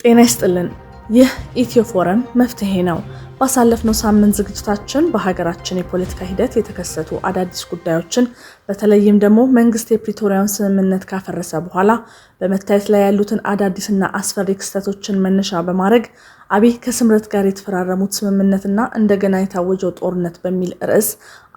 ጤና ይስጥልን። ይህ ኢትዮ ፎረም መፍትሄ ነው። ባሳለፍነው ሳምንት ዝግጅታችን በሀገራችን የፖለቲካ ሂደት የተከሰቱ አዳዲስ ጉዳዮችን በተለይም ደግሞ መንግስት የፕሪቶሪያውን ስምምነት ካፈረሰ በኋላ በመታየት ላይ ያሉትን አዳዲስና አስፈሪ ክስተቶችን መነሻ በማድረግ አብይ ከስምረት ጋር የተፈራረሙት ስምምነትና እንደገና የታወጀው ጦርነት በሚል ርዕስ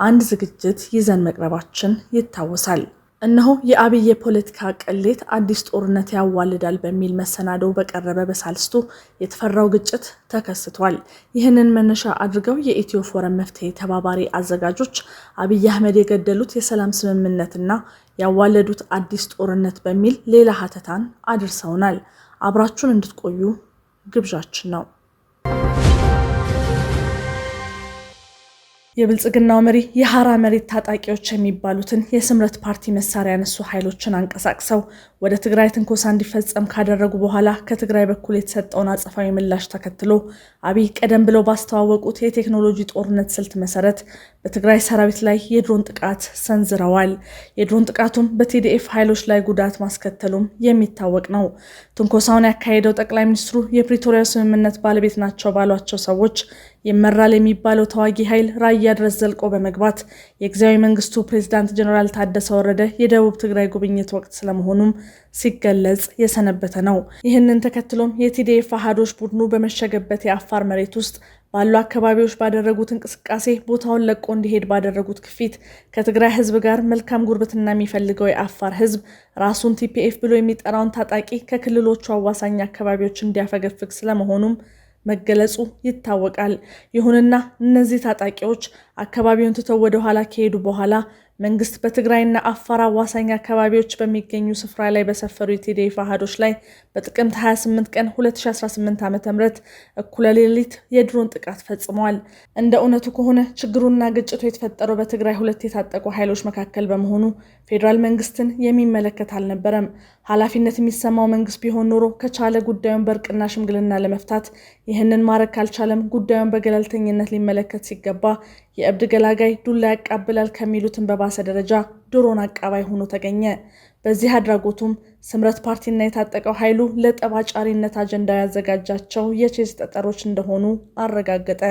አንድ ዝግጅት ይዘን መቅረባችን ይታወሳል። እነሆ የአብይ የፖለቲካ ቅሌት አዲስ ጦርነት ያዋልዳል በሚል መሰናዶው በቀረበ በሳልስቱ የተፈራው ግጭት ተከስቷል። ይህንን መነሻ አድርገው የኢትዮ ፎረም መፍትሄ ተባባሪ አዘጋጆች አብይ አህመድ የገደሉት የሰላም ስምምነትና ያዋለዱት አዲስ ጦርነት በሚል ሌላ ሀተታን አድርሰውናል። አብራችሁን እንድትቆዩ ግብዣችን ነው። የብልጽግናው መሪ የሐራ መሬት ታጣቂዎች የሚባሉትን የስምረት ፓርቲ መሳሪያ ያነሱ ኃይሎችን አንቀሳቅሰው ወደ ትግራይ ትንኮሳ እንዲፈጸም ካደረጉ በኋላ ከትግራይ በኩል የተሰጠውን አጸፋዊ ምላሽ ተከትሎ አብይ ቀደም ብለው ባስተዋወቁት የቴክኖሎጂ ጦርነት ስልት መሰረት በትግራይ ሰራዊት ላይ የድሮን ጥቃት ሰንዝረዋል። የድሮን ጥቃቱም በቲዲኤፍ ኃይሎች ላይ ጉዳት ማስከተሉም የሚታወቅ ነው። ትንኮሳውን ያካሄደው ጠቅላይ ሚኒስትሩ የፕሪቶሪያ ስምምነት ባለቤት ናቸው ባሏቸው ሰዎች ይመራል የሚባለው ተዋጊ ኃይል ራያ ድረስ ዘልቆ በመግባት የጊዜያዊ መንግስቱ ፕሬዚዳንት ጀኔራል ታደሰ ወረደ የደቡብ ትግራይ ጉብኝት ወቅት ስለመሆኑም ሲገለጽ የሰነበተ ነው። ይህንን ተከትሎም የቲዲኤፍ አሃዶች ቡድኑ በመሸገበት የአፋር መሬት ውስጥ ባሉ አካባቢዎች ባደረጉት እንቅስቃሴ ቦታውን ለቆ እንዲሄድ ባደረጉት ግፊት ከትግራይ ህዝብ ጋር መልካም ጉርብትና የሚፈልገው የአፋር ህዝብ ራሱን ቲፒኤፍ ብሎ የሚጠራውን ታጣቂ ከክልሎቹ አዋሳኝ አካባቢዎች እንዲያፈገፍግ ስለመሆኑም መገለጹ ይታወቃል። ይሁንና እነዚህ ታጣቂዎች አካባቢውን ትተው ወደ ኋላ ከሄዱ በኋላ መንግስት በትግራይና አፋር አዋሳኝ አካባቢዎች በሚገኙ ስፍራ ላይ በሰፈሩ የቴዴፍ አሃዶች ላይ በጥቅምት 28 ቀን 2018 ዓ.ም እኩለ ሌሊት የድሮን ጥቃት ፈጽመዋል። እንደ እውነቱ ከሆነ ችግሩና ግጭቱ የተፈጠረው በትግራይ ሁለት የታጠቁ ኃይሎች መካከል በመሆኑ ፌዴራል መንግስትን የሚመለከት አልነበረም። ኃላፊነት የሚሰማው መንግስት ቢሆን ኖሮ ከቻለ ጉዳዩን በእርቅና ሽምግልና ለመፍታት፣ ይህንን ማድረግ ካልቻለም ጉዳዩን በገለልተኝነት ሊመለከት ሲገባ የእብድ ገላጋይ ዱላ ያቃብላል ከሚሉትን በባሰ ደረጃ ድሮን አቃባይ ሆኖ ተገኘ። በዚህ አድራጎቱም ስምረት ፓርቲና የታጠቀው ኃይሉ ለጠባጫሪነት አጀንዳ ያዘጋጃቸው የቼዝ ጠጠሮች እንደሆኑ አረጋገጠ።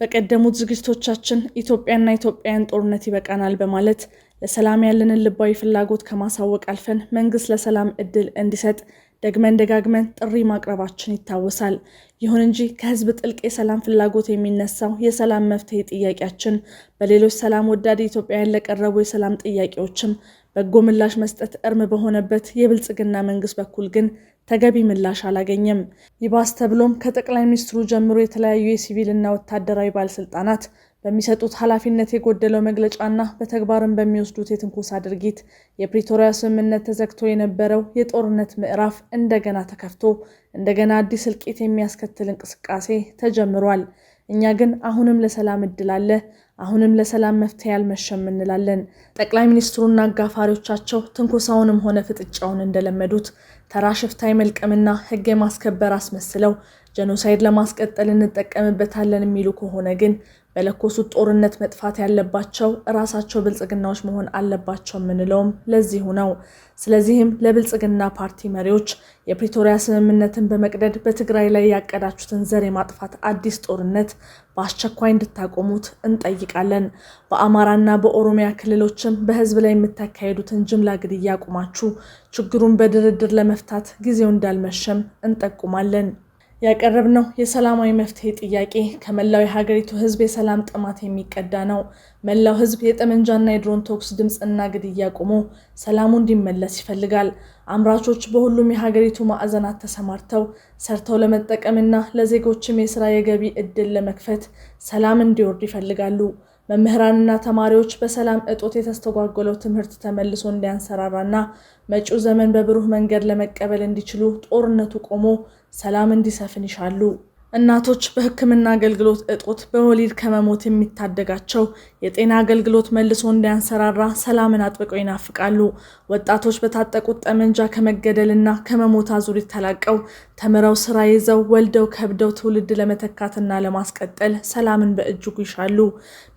በቀደሙት ዝግጅቶቻችን ኢትዮጵያና ኢትዮጵያውያን ጦርነት ይበቃናል በማለት ለሰላም ያለንን ልባዊ ፍላጎት ከማሳወቅ አልፈን መንግስት ለሰላም እድል እንዲሰጥ ደግመን ደጋግመን ጥሪ ማቅረባችን ይታወሳል። ይሁን እንጂ ከህዝብ ጥልቅ የሰላም ፍላጎት የሚነሳው የሰላም መፍትሄ ጥያቄያችን በሌሎች ሰላም ወዳድ ኢትዮጵያውያን ለቀረቡ የሰላም ጥያቄዎችም በጎ ምላሽ መስጠት እርም በሆነበት የብልጽግና መንግስት በኩል ግን ተገቢ ምላሽ አላገኘም። ይባስ ተብሎም ከጠቅላይ ሚኒስትሩ ጀምሮ የተለያዩ የሲቪልና ወታደራዊ ባለስልጣናት በሚሰጡት ኃላፊነት የጎደለው መግለጫና በተግባርን በሚወስዱት የትንኮሳ ድርጊት የፕሪቶሪያ ስምምነት ተዘግቶ የነበረው የጦርነት ምዕራፍ እንደገና ተከፍቶ እንደገና አዲስ እልቂት የሚያስከትል እንቅስቃሴ ተጀምሯል። እኛ ግን አሁንም ለሰላም እድል አለ፣ አሁንም ለሰላም መፍትሄ አልመሸም እንላለን። ጠቅላይ ሚኒስትሩና አጋፋሪዎቻቸው ትንኮሳውንም ሆነ ፍጥጫውን እንደለመዱት ተራ ሽፍታይ መልቀምና ሕግ የማስከበር አስመስለው ጀኖሳይድ ለማስቀጠል እንጠቀምበታለን የሚሉ ከሆነ ግን በለኮሱት ጦርነት መጥፋት ያለባቸው ራሳቸው ብልጽግናዎች መሆን አለባቸው የምንለውም ለዚሁ ነው። ስለዚህም ለብልጽግና ፓርቲ መሪዎች የፕሪቶሪያ ስምምነትን በመቅደድ በትግራይ ላይ ያቀዳችሁትን ዘር የማጥፋት አዲስ ጦርነት በአስቸኳይ እንድታቆሙት እንጠይቃለን። በአማራና በኦሮሚያ ክልሎችም በህዝብ ላይ የምታካሄዱትን ጅምላ ግድያ አቁማችሁ ችግሩን በድርድር ለመፍታት ጊዜው እንዳልመሸም እንጠቁማለን። ያቀረብነው የሰላማዊ መፍትሄ ጥያቄ ከመላው የሀገሪቱ ሕዝብ የሰላም ጥማት የሚቀዳ ነው። መላው ሕዝብ የጠመንጃና የድሮን ተኩስ ድምፅና ግድያ ቆሞ ሰላሙ እንዲመለስ ይፈልጋል። አምራቾች በሁሉም የሀገሪቱ ማዕዘናት ተሰማርተው ሰርተው ለመጠቀምና ለዜጎችም የስራ የገቢ ዕድል ለመክፈት ሰላም እንዲወርድ ይፈልጋሉ። መምህራንና ተማሪዎች በሰላም እጦት የተስተጓጎለው ትምህርት ተመልሶ እንዲያንሰራራና መጪው ዘመን በብሩህ መንገድ ለመቀበል እንዲችሉ ጦርነቱ ቆሞ ሰላም እንዲሰፍን ይሻሉ። እናቶች በሕክምና አገልግሎት እጦት በወሊድ ከመሞት የሚታደጋቸው የጤና አገልግሎት መልሶ እንዳያንሰራራ ሰላምን አጥብቀው ይናፍቃሉ። ወጣቶች በታጠቁት ጠመንጃ ከመገደልና ከመሞት አዙሪት ተላቀው ተምረው ስራ ይዘው ወልደው ከብደው ትውልድ ለመተካትና ለማስቀጠል ሰላምን በእጅጉ ይሻሉ።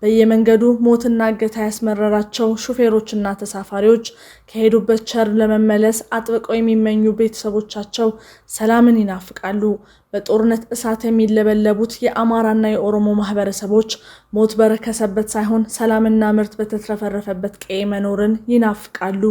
በየመንገዱ ሞትና እገታ ያስመረራቸው ሹፌሮችና ተሳፋሪዎች ከሄዱበት ቸር ለመመለስ አጥብቀው የሚመኙ ቤተሰቦቻቸው ሰላምን ይናፍቃሉ። በጦርነት እሳት የሚለበለቡት የአማራና የኦሮሞ ማህበረሰቦች ሞት በረከሰበት ሳይሆን ሰላምና ምርት በተትረፈረፈበት ቀይ መኖርን ይናፍቃሉ።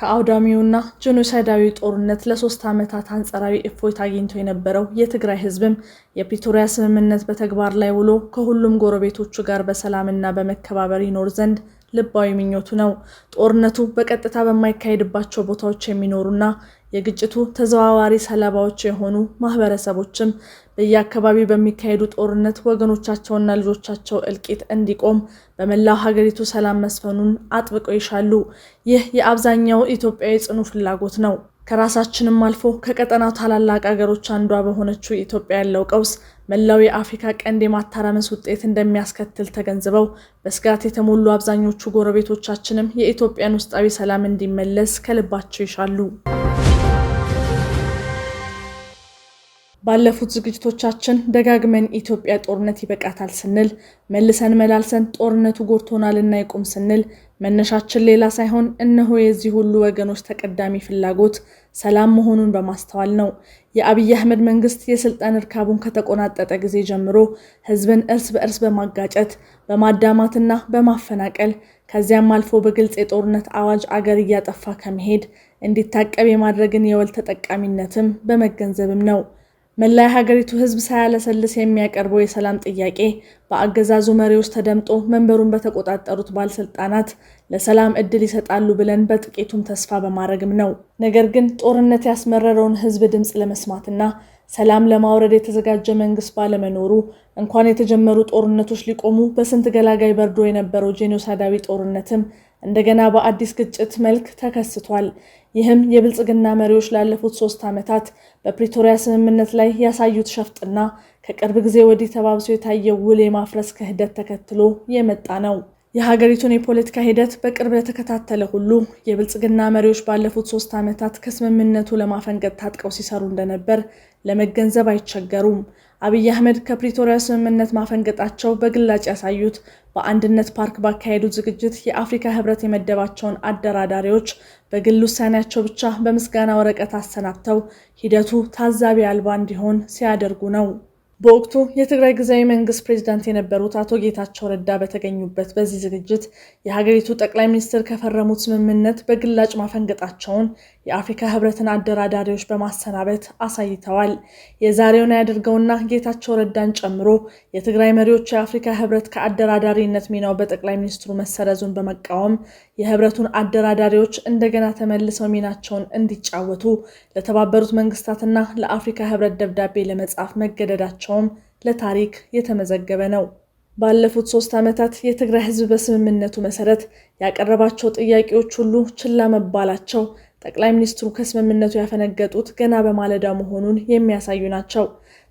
ከአውዳሚውና ጄኖሳይዳዊ ጦርነት ለሶስት ዓመታት አንጸራዊ እፎይታ አግኝቶ የነበረው የትግራይ ህዝብም የፕሪቶሪያ ስምምነት በተግባር ላይ ውሎ ከሁሉም ጎረቤቶቹ ጋር በሰላምና በመከባበር ይኖር ዘንድ ልባዊ ምኞቱ ነው። ጦርነቱ በቀጥታ በማይካሄድባቸው ቦታዎች የሚኖሩና የግጭቱ ተዘዋዋሪ ሰለባዎች የሆኑ ማህበረሰቦችም በየአካባቢው በሚካሄዱ ጦርነት ወገኖቻቸውና ልጆቻቸው እልቂት እንዲቆም በመላው ሀገሪቱ ሰላም መስፈኑን አጥብቀው ይሻሉ። ይህ የአብዛኛው ኢትዮጵያዊ ጽኑ ፍላጎት ነው። ከራሳችንም አልፎ ከቀጠናው ታላላቅ አገሮች አንዷ በሆነችው ኢትዮጵያ ያለው ቀውስ መላው የአፍሪካ ቀንድ የማተራመስ ውጤት እንደሚያስከትል ተገንዝበው በስጋት የተሞሉ አብዛኞቹ ጎረቤቶቻችንም የኢትዮጵያን ውስጣዊ ሰላም እንዲመለስ ከልባቸው ይሻሉ። ባለፉት ዝግጅቶቻችን ደጋግመን ኢትዮጵያ ጦርነት ይበቃታል ስንል መልሰን መላልሰን ጦርነቱ ጎድቶናልና ይቁም ስንል መነሻችን ሌላ ሳይሆን እነሆ የዚህ ሁሉ ወገኖች ተቀዳሚ ፍላጎት ሰላም መሆኑን በማስተዋል ነው። የአብይ አህመድ መንግስት የስልጣን እርካቡን ከተቆናጠጠ ጊዜ ጀምሮ ህዝብን እርስ በእርስ በማጋጨት በማዳማትና በማፈናቀል ከዚያም አልፎ በግልጽ የጦርነት አዋጅ አገር እያጠፋ ከመሄድ እንዲታቀብ የማድረግን የወል ተጠቃሚነትም በመገንዘብም ነው። መላ ሀገሪቱ ህዝብ ሳያለሰልስ የሚያቀርበው የሰላም ጥያቄ በአገዛዙ መሪዎች ተደምጦ መንበሩን በተቆጣጠሩት ባለስልጣናት ለሰላም እድል ይሰጣሉ ብለን በጥቂቱም ተስፋ በማድረግም ነው። ነገር ግን ጦርነት ያስመረረውን ህዝብ ድምፅ ለመስማትና ሰላም ለማውረድ የተዘጋጀ መንግስት ባለመኖሩ እንኳን የተጀመሩ ጦርነቶች ሊቆሙ በስንት ገላጋይ በርዶ የነበረው ጄኖሳይዳዊ ጦርነትም እንደገና በአዲስ ግጭት መልክ ተከስቷል። ይህም የብልጽግና መሪዎች ላለፉት ሶስት ዓመታት በፕሪቶሪያ ስምምነት ላይ ያሳዩት ሸፍጥና ከቅርብ ጊዜ ወዲህ ተባብሶ የታየው ውል የማፍረስ ክህደት ተከትሎ የመጣ ነው። የሀገሪቱን የፖለቲካ ሂደት በቅርብ ለተከታተለ ሁሉ የብልጽግና መሪዎች ባለፉት ሶስት ዓመታት ከስምምነቱ ለማፈንገጥ ታጥቀው ሲሰሩ እንደነበር ለመገንዘብ አይቸገሩም። አብይ አህመድ ከፕሪቶሪያ ስምምነት ማፈንገጣቸው በግላጭ ያሳዩት በአንድነት ፓርክ ባካሄዱት ዝግጅት የአፍሪካ ህብረት የመደባቸውን አደራዳሪዎች በግል ውሳኔያቸው ብቻ በምስጋና ወረቀት አሰናብተው ሂደቱ ታዛቢ አልባ እንዲሆን ሲያደርጉ ነው። በወቅቱ የትግራይ ጊዜያዊ መንግስት ፕሬዚዳንት የነበሩት አቶ ጌታቸው ረዳ በተገኙበት በዚህ ዝግጅት የሀገሪቱ ጠቅላይ ሚኒስትር ከፈረሙት ስምምነት በግላጭ ማፈንገጣቸውን የአፍሪካ ህብረትን አደራዳሪዎች በማሰናበት አሳይተዋል። የዛሬውን ያደርገውና ጌታቸው ረዳን ጨምሮ የትግራይ መሪዎች የአፍሪካ ህብረት ከአደራዳሪነት ሚናው በጠቅላይ ሚኒስትሩ መሰረዙን በመቃወም የህብረቱን አደራዳሪዎች እንደገና ተመልሰው ሚናቸውን እንዲጫወቱ ለተባበሩት መንግስታትና ለአፍሪካ ህብረት ደብዳቤ ለመጻፍ መገደዳቸውም ለታሪክ የተመዘገበ ነው። ባለፉት ሶስት ዓመታት የትግራይ ህዝብ በስምምነቱ መሰረት ያቀረባቸው ጥያቄዎች ሁሉ ችላ መባላቸው ጠቅላይ ሚኒስትሩ ከስምምነቱ ያፈነገጡት ገና በማለዳ መሆኑን የሚያሳዩ ናቸው።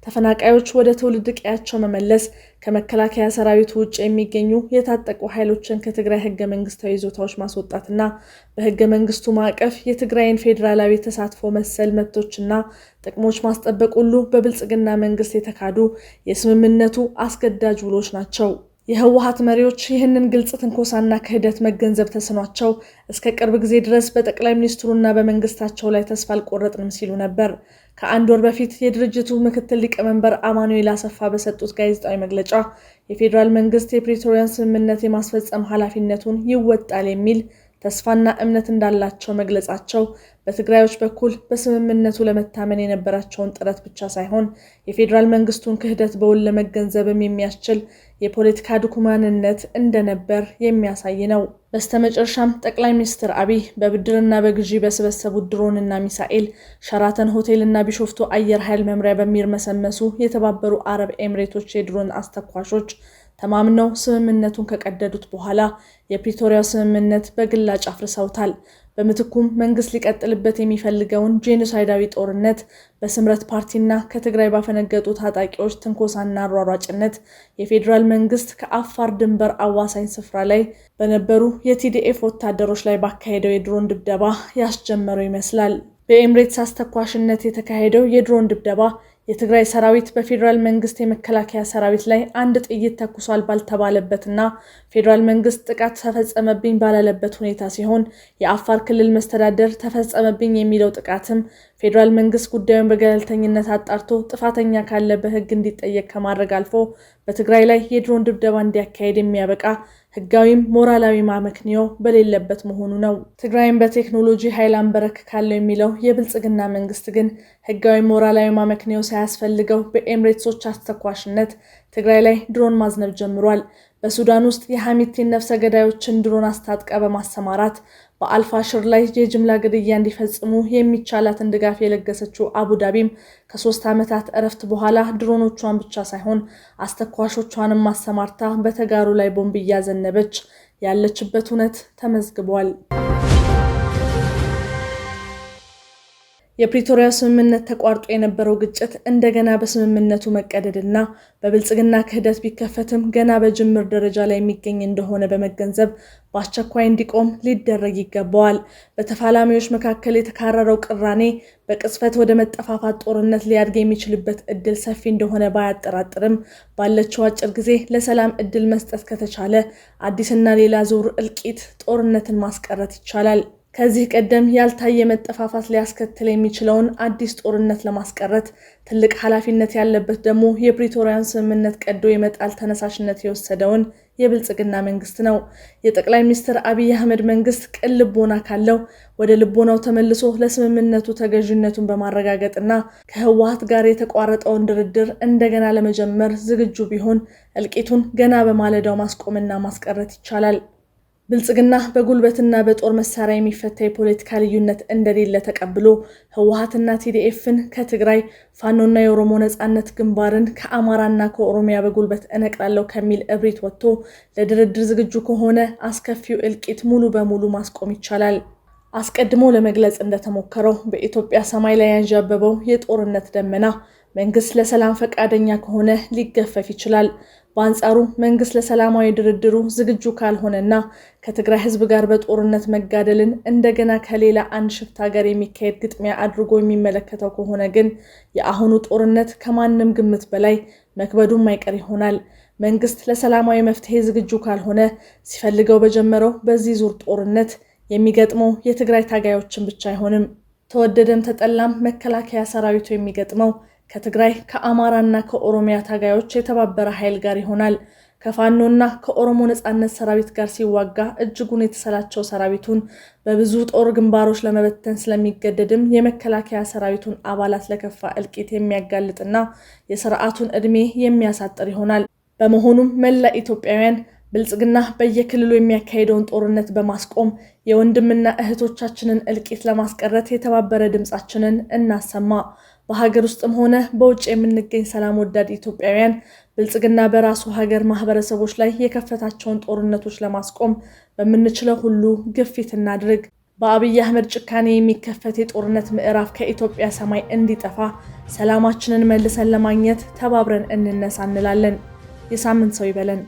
ተፈናቃዮች ወደ ትውልድ ቀያቸው መመለስ፣ ከመከላከያ ሰራዊቱ ውጭ የሚገኙ የታጠቁ ኃይሎችን ከትግራይ ህገ መንግስታዊ ይዞታዎች ማስወጣትና በህገ መንግስቱ ማዕቀፍ የትግራይን ፌዴራላዊ ተሳትፎ መሰል መብቶችና ጥቅሞች ማስጠበቅ ሁሉ በብልጽግና መንግስት የተካዱ የስምምነቱ አስገዳጅ ውሎች ናቸው። የህወሀት መሪዎች ይህንን ግልጽ ትንኮሳና ክህደት መገንዘብ ተስኗቸው እስከ ቅርብ ጊዜ ድረስ በጠቅላይ ሚኒስትሩና በመንግስታቸው ላይ ተስፋ አልቆረጥንም ሲሉ ነበር። ከአንድ ወር በፊት የድርጅቱ ምክትል ሊቀመንበር አማኑኤል አሰፋ በሰጡት ጋዜጣዊ መግለጫ የፌዴራል መንግስት የፕሪቶሪያን ስምምነት የማስፈጸም ኃላፊነቱን ይወጣል የሚል ተስፋና እምነት እንዳላቸው መግለጻቸው በትግራዮች በኩል በስምምነቱ ለመታመን የነበራቸውን ጥረት ብቻ ሳይሆን የፌዴራል መንግስቱን ክህደት በውል ለመገንዘብም የሚያስችል የፖለቲካ ድኩማንነት እንደነበር የሚያሳይ ነው። በስተመጨረሻም ጠቅላይ ሚኒስትር አብይ በብድርና በግዢ በሰበሰቡት ድሮንና ሚሳኤል ሸራተን ሆቴልና ቢሾፍቱ አየር ኃይል መምሪያ በሚርመሰመሱ የተባበሩ አረብ ኤምሬቶች የድሮን አስተኳሾች ተማምነው ስምምነቱን ከቀደዱት በኋላ የፕሪቶሪያው ስምምነት በግላጭ አፍርሰውታል። በምትኩም መንግስት ሊቀጥልበት የሚፈልገውን ጄኖሳይዳዊ ጦርነት በስምረት ፓርቲና ከትግራይ ባፈነገጡ ታጣቂዎች ትንኮሳና አሯሯጭነት የፌዴራል መንግስት ከአፋር ድንበር አዋሳኝ ስፍራ ላይ በነበሩ የቲዲኤፍ ወታደሮች ላይ ባካሄደው የድሮን ድብደባ ያስጀመረው ይመስላል። በኤምሬትስ አስተኳሽነት የተካሄደው የድሮን ድብደባ የትግራይ ሰራዊት በፌዴራል መንግስት የመከላከያ ሰራዊት ላይ አንድ ጥይት ተኩሷል ባልተባለበትና ፌዴራል መንግስት ጥቃት ተፈጸመብኝ ባላለበት ሁኔታ ሲሆን የአፋር ክልል መስተዳደር ተፈጸመብኝ የሚለው ጥቃትም ፌዴራል መንግስት ጉዳዩን በገለልተኝነት አጣርቶ ጥፋተኛ ካለ በህግ እንዲጠየቅ ከማድረግ አልፎ በትግራይ ላይ የድሮን ድብደባ እንዲያካሄድ የሚያበቃ ህጋዊም ሞራላዊ ማመክንዮ በሌለበት መሆኑ ነው። ትግራይም በቴክኖሎጂ ኃይል አንበረክካለሁ የሚለው የብልጽግና መንግስት ግን ህጋዊ ሞራላዊ ማመክንያው ሳያስፈልገው በኤምሬትሶች አስተኳሽነት ትግራይ ላይ ድሮን ማዝነብ ጀምሯል። በሱዳን ውስጥ የሐሚቴን ነፍሰ ገዳዮችን ድሮን አስታጥቀ በማሰማራት በአልፋሽር ላይ የጅምላ ግድያ እንዲፈጽሙ የሚቻላትን ድጋፍ የለገሰችው አቡዳቢም ከሶስት ዓመታት እረፍት በኋላ ድሮኖቿን ብቻ ሳይሆን አስተኳሾቿንም ማሰማርታ በተጋሩ ላይ ቦምብ እያዘነበች ያለችበት እውነት ተመዝግቧል። የፕሪቶሪያው ስምምነት ተቋርጦ የነበረው ግጭት እንደገና በስምምነቱ መቀደድና በብልጽግና ክህደት ቢከፈትም ገና በጅምር ደረጃ ላይ የሚገኝ እንደሆነ በመገንዘብ በአስቸኳይ እንዲቆም ሊደረግ ይገባዋል። በተፋላሚዎች መካከል የተካረረው ቅራኔ በቅጽበት ወደ መጠፋፋት ጦርነት ሊያድግ የሚችልበት እድል ሰፊ እንደሆነ ባያጠራጥርም ባለችው አጭር ጊዜ ለሰላም እድል መስጠት ከተቻለ አዲስና ሌላ ዙር እልቂት ጦርነትን ማስቀረት ይቻላል። ከዚህ ቀደም ያልታየ መጠፋፋት ሊያስከትል የሚችለውን አዲስ ጦርነት ለማስቀረት ትልቅ ኃላፊነት ያለበት ደግሞ የፕሪቶሪያን ስምምነት ቀዶ የመጣል ተነሳሽነት የወሰደውን የብልጽግና መንግስት ነው። የጠቅላይ ሚኒስትር አብይ አህመድ መንግስት ቅን ልቦና ካለው ወደ ልቦናው ተመልሶ ለስምምነቱ ተገዥነቱን በማረጋገጥና ከህወሀት ጋር የተቋረጠውን ድርድር እንደገና ለመጀመር ዝግጁ ቢሆን እልቂቱን ገና በማለዳው ማስቆምና ማስቀረት ይቻላል። ብልጽግና በጉልበትና በጦር መሳሪያ የሚፈታ የፖለቲካ ልዩነት እንደሌለ ተቀብሎ ህወሀትና ቲዲኤፍን ከትግራይ ፋኖና የኦሮሞ ነጻነት ግንባርን ከአማራና ከኦሮሚያ በጉልበት እነቅላለሁ ከሚል እብሪት ወጥቶ ለድርድር ዝግጁ ከሆነ አስከፊው እልቂት ሙሉ በሙሉ ማስቆም ይቻላል። አስቀድሞ ለመግለጽ እንደተሞከረው በኢትዮጵያ ሰማይ ላይ ያንዣበበው የጦርነት ደመና መንግስት ለሰላም ፈቃደኛ ከሆነ ሊገፈፍ ይችላል። በአንጻሩ መንግስት ለሰላማዊ ድርድሩ ዝግጁ ካልሆነና ከትግራይ ህዝብ ጋር በጦርነት መጋደልን እንደገና ከሌላ አንድ ሽፍታ ጋር የሚካሄድ ግጥሚያ አድርጎ የሚመለከተው ከሆነ ግን የአሁኑ ጦርነት ከማንም ግምት በላይ መክበዱ ማይቀር ይሆናል። መንግስት ለሰላማዊ መፍትሄ ዝግጁ ካልሆነ ሲፈልገው በጀመረው በዚህ ዙር ጦርነት የሚገጥመው የትግራይ ታጋዮችን ብቻ አይሆንም። ተወደደም ተጠላም መከላከያ ሰራዊቱ የሚገጥመው ከትግራይ ከአማራና ከኦሮሚያ ታጋዮች የተባበረ ኃይል ጋር ይሆናል። ከፋኖና ከኦሮሞ ነጻነት ሰራዊት ጋር ሲዋጋ እጅጉን የተሰላቸው ሰራዊቱን በብዙ ጦር ግንባሮች ለመበተን ስለሚገደድም የመከላከያ ሰራዊቱን አባላት ለከፋ እልቂት የሚያጋልጥና የስርዓቱን ዕድሜ የሚያሳጥር ይሆናል። በመሆኑም መላ ኢትዮጵያውያን ብልጽግና በየክልሉ የሚያካሄደውን ጦርነት በማስቆም የወንድምና እህቶቻችንን እልቂት ለማስቀረት የተባበረ ድምፃችንን እናሰማ። በሀገር ውስጥም ሆነ በውጭ የምንገኝ ሰላም ወዳድ ኢትዮጵያውያን ብልጽግና በራሱ ሀገር ማህበረሰቦች ላይ የከፈታቸውን ጦርነቶች ለማስቆም በምንችለው ሁሉ ግፊት እናድርግ። በአብይ አህመድ ጭካኔ የሚከፈት የጦርነት ምዕራፍ ከኢትዮጵያ ሰማይ እንዲጠፋ ሰላማችንን መልሰን ለማግኘት ተባብረን እንነሳ እንላለን። የሳምንት ሰው ይበለን።